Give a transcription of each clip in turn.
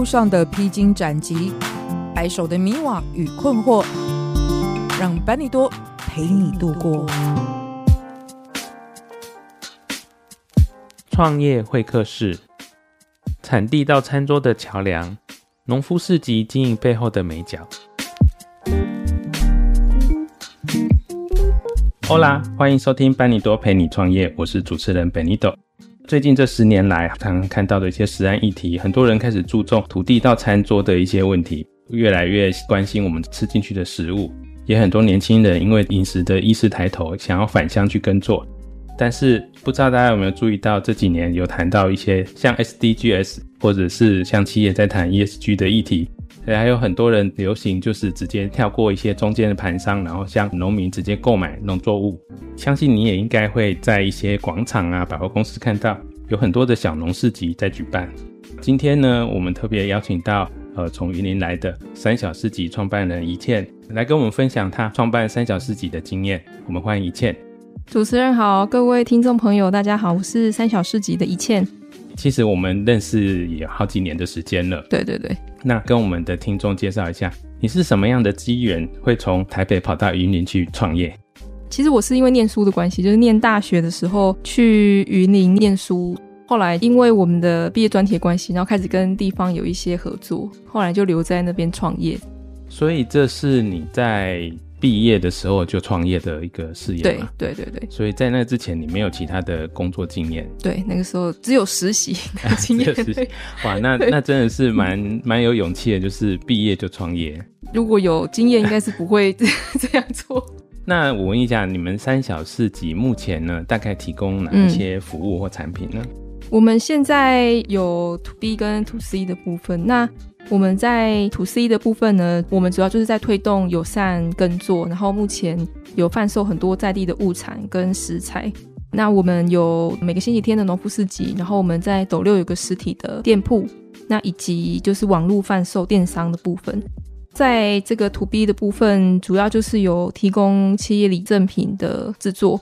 路上的披荊斬棘、白首的迷惘與困惑，讓班尼多陪你度過。創業會客室，產地到餐桌的橋梁，農夫市集經營背後的眉角。歐啦，歡迎收聽班尼多陪你創業，我是主持人班尼多最近這十年來，常常看到的一些食安議題，很多人開始注重土地到餐桌的一些問題，越來越關心我們吃進去的食物。也很多年輕人因為飲食的意識抬頭，想要返鄉去耕作。但是不知道大家有沒有注意到，這幾年有談到一些像 SDGs，或者是像企業在談 ESG 的議題。還有很多人流行，就是直接跳過一些中間的盤商，然後向農民直接購買農作物。相信你也應該會在一些廣場啊、百貨公司看到，有很多的小農市集在舉辦。今天呢，我們特別邀請到呃，從雲林來的三小市集創辦人宜倩來跟我們分享他創辦三小市集的經驗。我們歡迎宜倩。主持人好，各位聽眾朋友，大家好，我是三小市集的宜倩。其實我們認識也有好幾年的時間了。對對對。那跟我們的聽眾介紹一下，你是什麼樣的機緣會從台北跑到雲林去創業？其實我是因為念書的關係，就是念大學的時候去雲林念書，後來因為我們的畢業專題關係，然後開始跟地方有一些合作，後來就留在那邊創業。所以這是你在。畢業的時候就創業的一個事業嘛，對對對對，所以在那之前你沒有其他的工作經驗，對，那個時候只有實習、那個、經驗、哎實習，哇，那那真的是蠻、嗯、蠻有勇氣的，就是畢業就創業。如果有經驗，應該是不會這樣做。 那我問一下，你們三小市集目前呢，大概提供哪一些服務或產品呢？嗯我們現在有 To B 跟 To C 的部分。那我們在 To C 的部分呢，我們主要就是在推動友善耕作，然後目前有販售很多在地的物產跟食材。那我們有每個星期天的農夫市集，然後我們在斗六有個實體的店鋪，那以及就是網絡販售電商的部分。在這個 To B 的部分，主要就是有提供企業禮贈品的制作。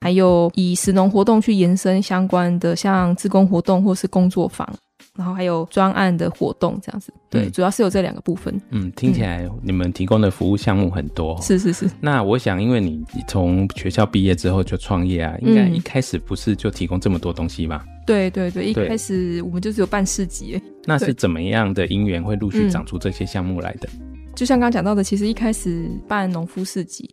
還有以食農活動去延伸相關的，像志工活動或是工作坊，然後還有專案的活動這樣子。對，對主要是有這兩個部分。嗯，聽起來你們提供的服務項目很多。嗯啊。是是是。那我想，因為你從學校畢業之後就創業啊，應該一開始不是就提供這麼多東西嗎，嗯？對對對，一開始我們就只有辦市集。那是怎麼樣的因緣會陸續長出這些項目來的？嗯、就像剛剛講到的，其實一開始辦農夫市集。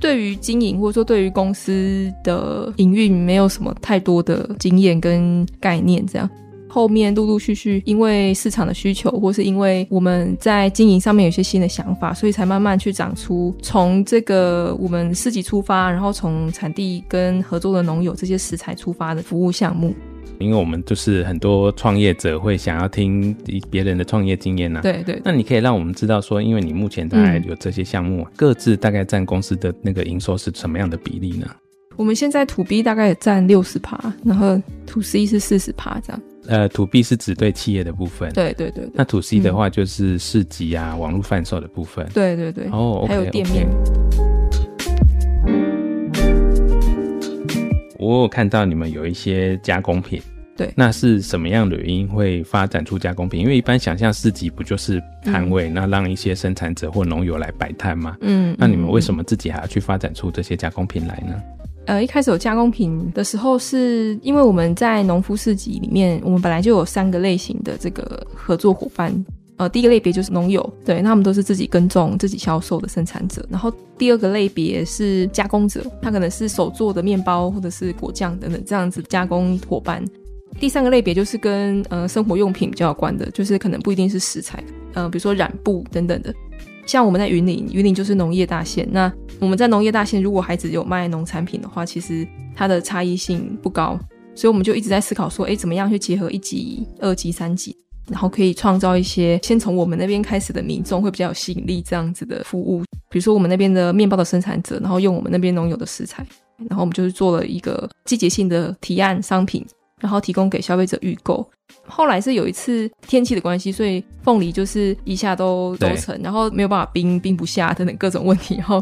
對於經營或者說，對於公司的營運，沒有什麼太多的經驗跟概念。這樣後面陸陸續續，因為市場的需求，或是因為我們在經營上面有些新的想法，所以才慢慢去長出從這個我們市集出發，然後從產地跟合作的農友這些食材出發的服務項目。因為我們就是很多創業者會想要聽別人的創業經驗吶、啊。對，對對。那你可以讓我們知道說，因為你目前大概有這些項目，嗯，各自大概占公司的那個營收是什麼樣的比例呢？我們現在土 B 大概占六十趴，然後土 C 是四十趴這樣。呃，土 B 是指對企業的部分。對，對對對。那土 C 的話就是市集啊，嗯、網絡販售的部分。對對對。哦，還有店面。Okay. 我有看到你們有一些加工品，對，那是什麼樣的原因會發展出加工品？因為一般想象市集不就是攤位，那、嗯、讓一些生產者或農友來擺攤嗎？嗯，嗯，嗯，那你們為什麼自己還要去發展出這些加工品來呢？呃，一開始有加工品的時候，是因為我們在農夫市集裡面，我們本來就有三個類型的這個合作夥伴。呃，第一個類別就是農友，對，那他們都是自己耕種、自己銷售的生產者。然後第二個類別是加工者，他可能是手做的麵包或者是果醬等等這樣子加工夥伴。第三個類別就是跟呃生活用品比較有關的，就是可能不一定是食材，呃，比如說染布等等的。像我們在雲林，雲林就是農業大縣。那我們在農業大縣，如果還只有賣農產品的話，其實它的差異性不高，所以我們就一直在思考說，誒，怎麼樣去結合一級、二級、三級？然後可以創造一些先從我們那邊開始的民眾會比較有吸引力這樣子的服務，比如說我們那邊的麵包的生產者，然後用我們那邊農友的食材，然後我們就是做了一個季節性的提案商品，然後提供給消費者預購。後來是有一次天氣的關係，所以鳳梨就是一下都都成，然後沒有辦法冰，冰不下等等各種問題，然後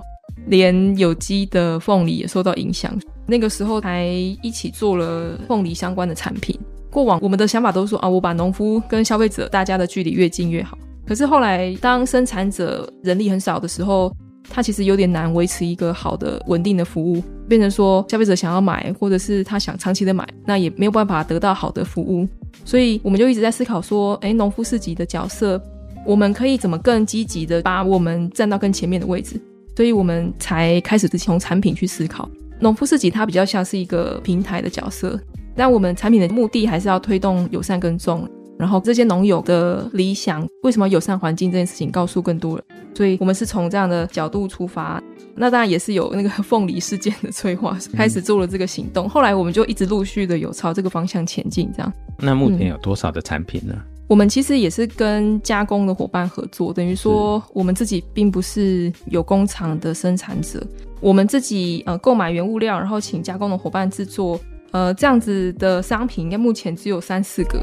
連有機的鳳梨也受到影響。那個時候還一起做了鳳梨相關的產品。過往我們的想法都是說啊，我把農夫跟消費者大家的距離越近越好。可是後來，當生產者人力很少的時候，他其實有點難維持一個好的穩定的服務，變成說消費者想要買，或者是他想長期的買，那也沒有辦法得到好的服務。所以我們就一直在思考說，哎，農夫市集的角色，我們可以怎麼更積極的把我們站到更前面的位置？所以我們才開始從產品去思考，農夫市集它比較像是一個平台的角色。但我們產品的目的還是要推動友善耕種，然後這些農友的理想，為什麼友善環境這件事情告訴更多人，所以我們是從這樣的角度出發。那當然也是有那個鳳梨事件的催化，開始做了這個行動。嗯、後來我們就一直陸續的有朝這個方向前進，這樣。那目前有多少的產品呢、嗯？我們其實也是跟加工的夥伴合作，等於說我們自己並不是有工廠的生產者，我們自己呃購買原物料，然後請加工的夥伴製作。呃，這樣子的商品應該目前只有三四個。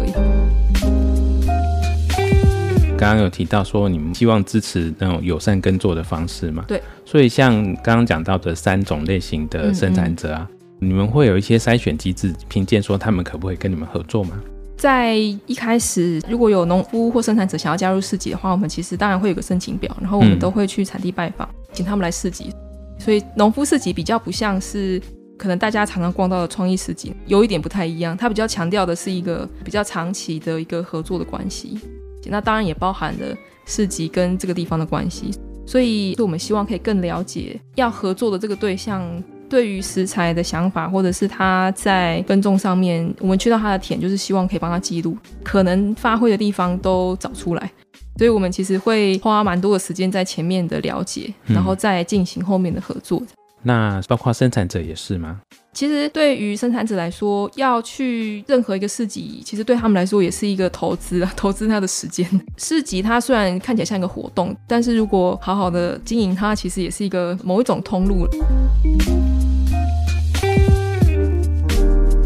剛剛有提到說你們希望支持那種友善耕作的方式嘛？對。所以像剛剛講到的三種類型的生產者啊，嗯嗯，你們會有一些篩選機制，評鑑說他們可不可以跟你們合作嗎？在一開始，如果有農夫或生產者想要加入市集的話，我們其實當然會有個申請表，然後我們都會去產地拜訪，請他們來市集。嗯、所以農夫市集比較不像是可能大家常常逛到的創意市集有一點不太一樣，它比較強調的是一個比較長期的一個合作的關係。那當然也包含了市集跟這個地方的關係，所以就我們希望可以更了解要合作的這個對象對於食材的想法，或者是他在耕種上面，我們去到他的田，就是希望可以幫他記錄可能發揮的地方都找出來。所以我們其實會花蠻多的時間在前面的了解，然後再進行後面的合作。嗯那包括生產者也是嗎？其實對於生產者來說，要去任何一個市集，其實對他們來說也是一個投資，投資他的時間。市集它雖然看起來像一個活動，但是如果好好的經營它，其實也是一個某一種通路。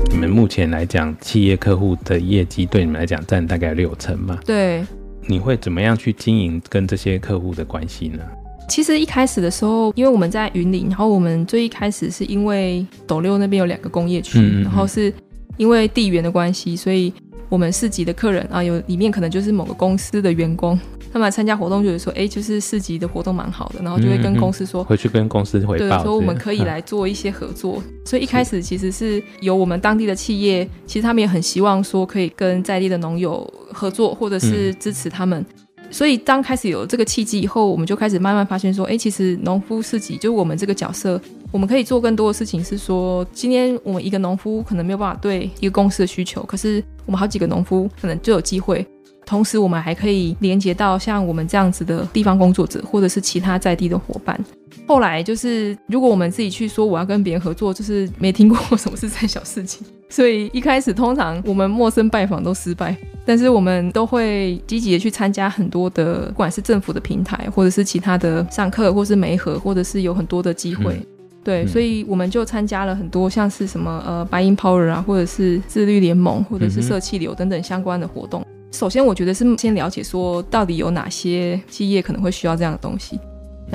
你們目前來講，企業客戶的業績對你們來講佔大概六成吧？對。你會怎麼樣去經營跟這些客戶的關係呢？其實一開始的時候，因為我們在雲林，然後我們最一開始是因為斗六那邊有兩個工業區，嗯嗯嗯，然後是因為地緣的關係，所以我們市集的客人啊，有裡面可能就是某個公司的員工，他們來參加活動就，就是說，哎，就是市集的活動蠻好的，然後就會跟公司說，嗯嗯嗯，回去跟公司回報，說我們可以來做一些合作。嗯。所以一開始其實是由我們當地的企業，其實他們也很希望說可以跟在地的農友合作，或者是支持他們。嗯所以，當開始有這個契機以後，我們就開始慢慢發現說，哎，其實農夫市集，就我們這個角色，我們可以做更多的事情。是說，今天我們一個農夫可能沒有辦法對一個公司的需求，可是我們好幾個農夫可能就有機會。同時，我們還可以連接到像我們這樣子的地方工作者，或者是其他在地的夥伴。後來就是，如果我們自己去說我要跟別人合作，就是沒聽過什麼是三小事情。所以一開始通常我們陌生拜訪都失敗，但是我們都會積極的去參加很多的，不管是政府的平台，或者是其他的上課，或者是媒合，或者是有很多的機會、嗯。對、嗯，所以我們就參加了很多像是什麼呃 Buying Power 啊，或者是自律聯盟，或者是社企流等等相關的活動。首先我覺得是先了解說到底有哪些企業可能會需要這樣的東西。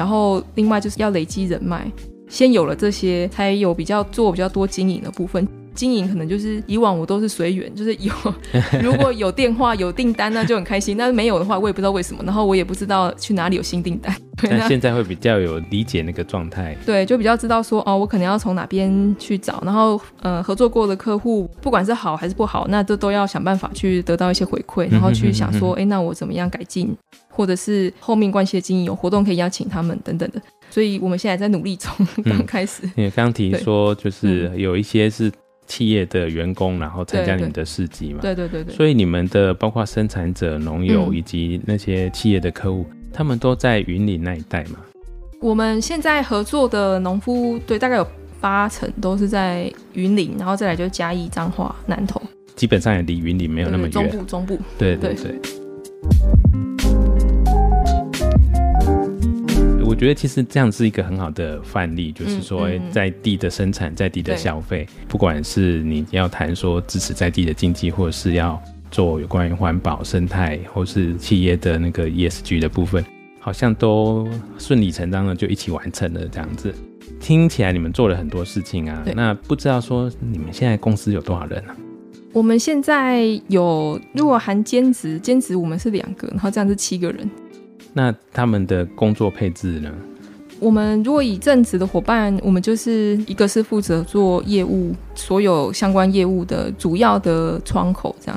然後，另外就是要累積人脈，先有了這些，才有比較做比較多經營的部分。經營可能就是以往我都是隨緣，就是有如果有電話有訂單，那就很開心。 但是沒有的話，我也不知道為什麼，然後我也不知道去哪裡有新訂單，對，那。但現在會比較有理解那個狀態，對，就比較知道說哦，我可能要從哪邊去找，然後呃合作過的客戶，不管是好還是不好，那都都要想辦法去得到一些回饋，然後去想說，哎、嗯嗯嗯嗯欸，那我怎麼樣改進，或者是後面關係的經營有活動可以邀請他們等等的。所以我們現在在努力從剛開始。你剛、嗯、提說就是有一些是。企業的員工，然後參加你們的市集嘛？對，對對對。所以你們的包括生產者、農友以及那些企業的客戶，嗯，他們都在雲林那一帶嗎？我們現在合作的農夫，對，大概有八成都是在雲林，然後再來就是嘉義彰化、南投，基本上也離雲林沒有那麼遠，中部中部。對對對。對對對覺得其實這樣是一個很好的範例，嗯嗯，就是說在地的生產，在地的消費，不管是你要談說支持在地的經濟，或者是要做有關於環保、生態，或是企業的那個 ESG 的部分，好像都順理成章的就一起完成了這樣子。聽起來你們做了很多事情啊，那不知道說你們現在公司有多少人啊？我們現在有，如果含兼職，兼職我們是兩個，然後這樣是七個人。那他們的工作配置呢？我們如果以正職的夥伴，我們就是一個是負責做業務，所有相關業務的主要的窗口這樣；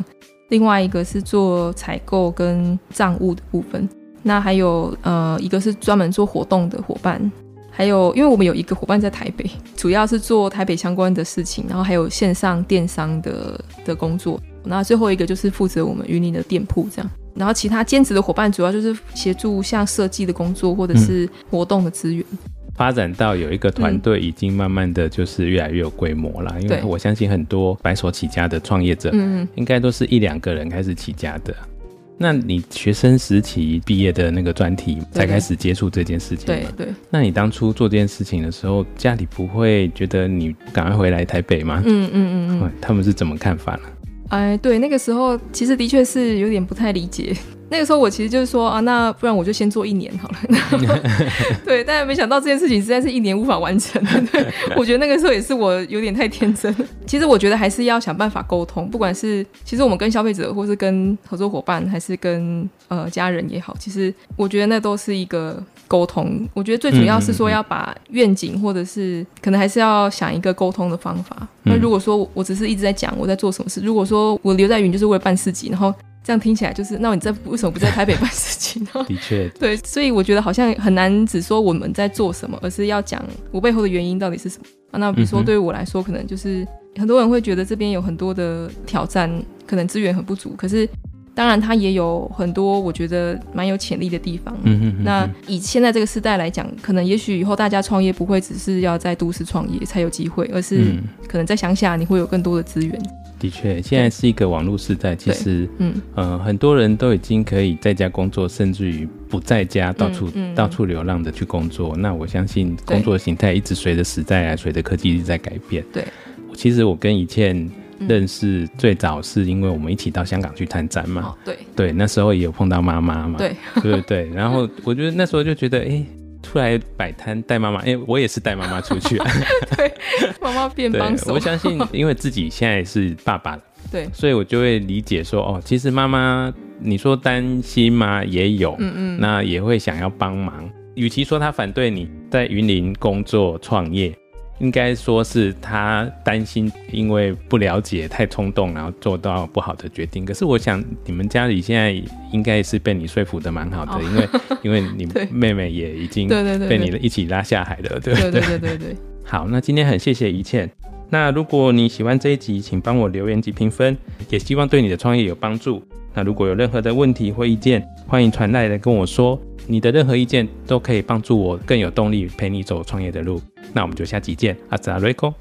另外一個是做採購跟賬務的部分。那還有呃，一個是專門做活動的夥伴，還有因為我們有一個夥伴在台北，主要是做台北相關的事情，然後還有線上電商的的工作。那最後一個就是負責我們雲林的店鋪這樣。然後其他兼職的夥伴主要就是協助像設計的工作或者是活動的資源、嗯。發展到有一個團隊已經慢慢的就是越來越有規模了、嗯，因為我相信很多白手起家的創業者，應該都是一兩個人開始起家的。嗯、那你學生時期畢業的那個專題才開始接觸這件事情。對，對對。那你當初做這件事情的時候，家裡不會覺得你趕快回來台北嗎？嗯嗯嗯。他們是怎麼看法呢？哎，uh，對，那個時候其實的確是有點不太理解。那個時候我其實就是說啊，那不然我就先做一年好了。 對，但是沒想到這件事情實在是一年無法完成的。對 我覺得那個時候也是我有點太天真了。其實我覺得還是要想辦法溝通，不管是其實我們跟消費者，或是跟合作夥伴，還是跟呃家人也好，其實我覺得那都是一個溝通。我覺得最主要是說要把願景，或者是嗯嗯嗯可能還是要想一個溝通的方法。那如果說我只是一直在講我在做什麼事，如果說我留在雲就是為了辦市集，然後。這樣聽起來就是，那你在為什麼不在台北辦事情呢？ 的確，對，所以我覺得好像很難只說我們在做什麼，而是要講我背後的原因到底是什麼。啊，那比如說，對於我來說，嗯，可能就是很多人會覺得這邊有很多的挑戰，可能資源很不足。可是，當然它也有很多我覺得蠻有潛力的地方。嗯哼嗯哼，那以現在這個時代來講，可能也許以後大家創業不會只是要在都市創業才有機會，而是可能在鄉下你會有更多的資源。的確，現在是一個網絡時代，其實，嗯、呃，很多人都已經可以在家工作，甚至於不在家到處、嗯嗯、到處流浪的去工作。那我相信，工作形態一直隨着時代啊，隨着科技一直在改變。對，其實我跟宜倩認識最早是因為我們一起到香港去參展嘛，對，對，那時候也有碰到媽媽嘛，對，對對。然後我覺得那時候就覺得，哎、欸。出來擺攤帶媽媽，因為、欸、我也是帶媽媽出去、啊 對媽媽了。對，媽媽變幫手。我相信，因為自己現在是爸爸了，對，所以我就會理解說，哦，其實媽媽，你說擔心嗎？也有，嗯嗯，那也會想要幫忙。與、嗯嗯、其說她反對你在雲林工作創業。應該說是他擔心，因為不了解太衝動，然後做到不好的決定。可是我想，你們家裡現在應該是被你說服的蠻好的，哦、因為 因為你妹妹也已經被你一起拉下海了，對對對對對、對。好，那今天很謝謝宜倩。那如果你喜歡這一集，請幫我留言及評分，也希望對你的創業有幫助。那如果有任何的問題或意見，歡迎傳 LINE 來跟我說。你的任何意見都可以幫助我更有動力陪你走創業的路。那我們就下集見，阿澤阿瑞哥。